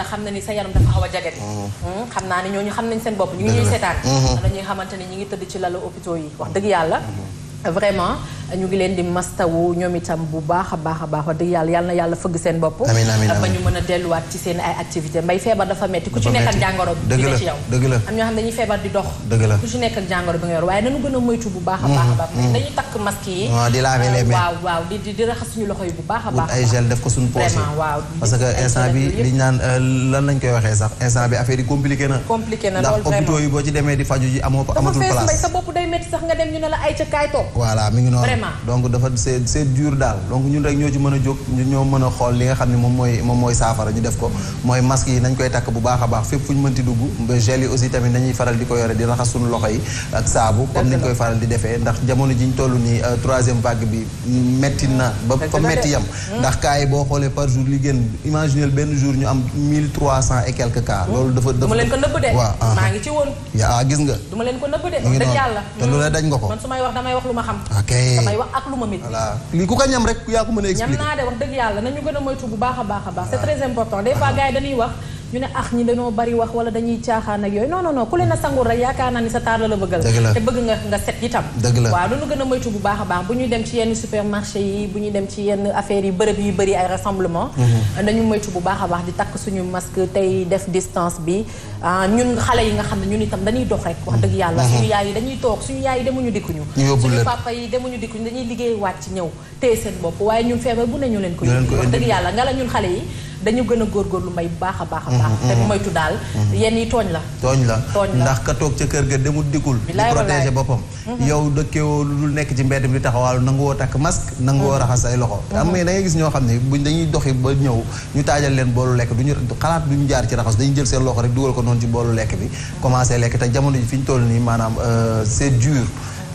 la xam na ni sa yaram dafa xaw a jagati mm-hmm. Mm-hmm. xam naa ne ñu xam nañ seen bopp ñu ngi ñuy seetaan dañuy mm-hmm. xamante ne ñu ngi tëdd ci lalu hôpitaux yi wax dëgg yàlla vraiment ñu ngi leen di wu ñoom itam bu baax a baax a baax wax dëgg yàlla yal yàlla fëgg seen bopp ba ñu mën a delluwaat ci seen ay activité mbay feebar dafa metti ku ci nekk ak jàngoro bi ne dëgg la am dox dëgg la jàngoro bi yor a bu baax a a mm-hmm, baax mm-hmm. dañuy takk masque yi di laver les mains waaw ay gel def ko suñu poche waaw parce que instant bi liñ naan euh, lan lañ koy waxee sax instant bi affaire yi compliqué na compliqué na lool vraiment ndax hôpitaux yi boo ci demee di faju ji amoo amatul place sa day metti sax nga dem ñu ne la ay toog voilà mi ngi noonu vraiment. donc dafa c'est c'est dur daal donc ñun rek ñoo ci mën a jóg ñoo mën a xool li nga xam ne moom mooy moom mooy saafara ñu def ko mooy masque yi nañ koy takk bu baax a baax fépp fu ñu mënti dugg ba gel yi aussi tamit nañuy faral di ko yore di loxo yi ak saabu comme niñ koy faral di defee ndax jamono ji ñu toll nii euh, troisième vague bi metti na ba fa metti yam hmm. ndax cas yi boo xoolee par jour li gën benn jour ñu am mille trois cent et quelque cas hmm. loolu dafa dafa duma leen ko nëbb waaw ah. maa ngi gis nga duma leen ko nëbb de dañ yàlla te lu ne dañ nga ko man su may wax damay wax lu ma xam may wax ak lu ma métti lii ku ko ñam rek yaa ko mën expliquer ñam naa de wax dëgg yàlla na gën a moytu bu baax a baax a baax c'est très important des fois gars yi wax ñu ne ax ah, ñi dañoo a sangul rek yaakaar naa ni sa taar la la bëggal te bu baax baax bu ñuy dem ci yenn supermarché yi bu ñuy dem ci yenn affaires mm-hmm. bi ah, ñun xale yi nga xam ne ñun itam dañuy dox rek wax dëgg yàlla mm-hmm. suñu yaay yi dañuy toog suñu yaay yi demuñu dikkuñu suñu papa yi demuñu dikkuñu dañuy liggéey wàcc ñëw téye seen bopp waaye ñun feebar bu ne ñu leen ko wax dëgg yàlla nga la ñun xale yi dañu gën a lu may baax a baax a baax mm-hmm. te moytu daal mm-hmm. yenn yi tooñ la tooñ la ndax ka toog ca kër ga demul dikkul di protéger boppam mm-hmm. yow dëkkewoo lu dul nekk ci mbedd mi di taxawaalu nangu woo takk masque nangu woo raxas ay loxo am na da gis ñoo xam ne buñ dañuy doxi ba ñëw ñu taajal leen boolu lekk duñu xalaat duñu jaar ci raxas dañu jël seen loxo rek dugal ko noonu ci boolu lekk bi commencé lekk te jamono ji fi ñu toll nii maanaam euh, c'est dur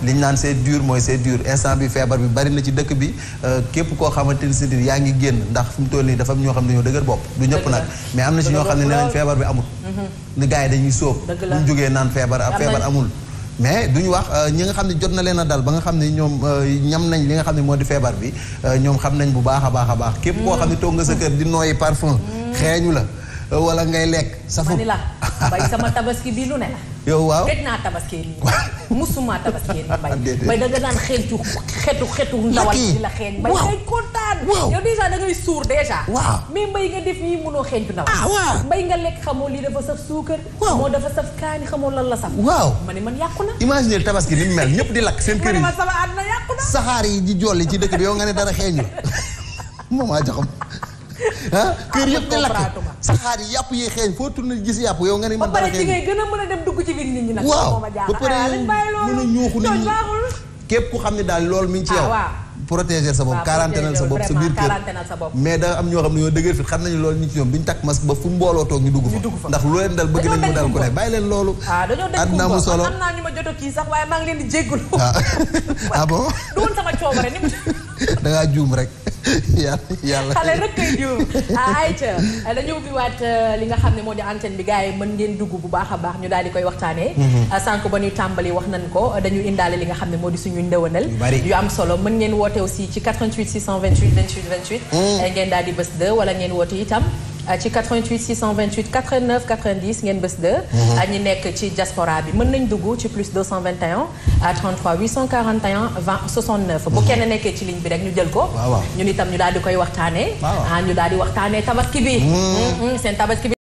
li ñu naan c'est dur mooy c'est dur instant bi feebar bi bari na ci dëkk bi euh, képp koo xamante ni si yaa ngi génn ndax fi mu toll nii dafa ñoo xam ne ñoo dëgër bopp du ñëpp nag mais am na ci ñoo xam ne nañ feebar bi amul li mm-hmm. yi dañuy sóob ñu jógee naan feebar feebar amul mais duñu wax euh, ñi nga xam ne jot na leen a dal ba nga xam ne ñoom euh, ñam nañ li nga xam ne moo di feebar bi ñoom xam nañ bu baax a baax a baax képp koo mm. xam ne toog nga sa kër di nooyi parfum mm. xeeñu la wala ngay lekk safut bay sama tabaski bi lu ne la. yow waaw gëj naa tabaski nii. musuma tabaski nii bay. bay da nga naan xeetu xeetu xeetu ndawal di la xeeñ. bay ngay kontaan. yow dèjà da ngay suur dèjà. waaw mais mbay nga ah, def nii mënoo xeeñtu mbay nga lekk xamoo lii dafa saf suukar. waaw moo dafa saf kaani xamoo lan la saf. waaw ma ne man yàqu na. tabaski ni mu mel ñëpp di lakk seen kër yi. sama àdduna yàqu na. saxaar yi di jolli ci dëkk bi yow nga ne dara xeeñu. moom a joxam di lakk saxaar yàpp yi xeeñ foo na gis yàpp yow nga ne man dara xeeñ ba ci ngay gën a mën a dem dugg ci biir waaw ba pare ah, ñuuxu nit képp ku xam ne daal loolu mi ngi ci ah, yow protéger sa bopp quarantaine sa bopp sa biir kër mais da am ñoo xam ne ñoo dëgër fit xam nañu loolu ñu ci ñoom bi ñu takk masque ba fu mbooloo toog ñu dugg fa ndax lu leen dal bëgg nañ mu dal ku ne bàyyi leen loolu ah, àddina mu solo am naa kii sax waaye maa leen di jéggalu ah bon du woon sama coobare juum rek yàlla yàlla xale rek kay jiw ah, ayca eh, dañu ubbiwaat eh, li nga xam ne moo di antenne bi gars yi mën ngeen dugg bu baax a baax ñu daal di koy waxtaanee mhm. eh, sànq ba ñuy tàmbali wax nañ ko dañu indaale li nga xam ne moo di suñu ndëwanal yu am solo mën ngeen woote aussi ci 88 628 28 28 ngeen daal di bés 2 ngeen woote itam Euh, ci 88 628 89 90 ngeen bés 2. Mhm. ñi nekk ci diaspora bi mën nañ dugg ci plus 221 à 33 841 20 69. bu kenn nekkee ci ligne bi rek ñu jël ko. waaw ñun ñu daal koy waxtaanee. waaw ah, ñu daal waxtaanee tabaski bi. Mhm. Mhm, seen tabaski bi.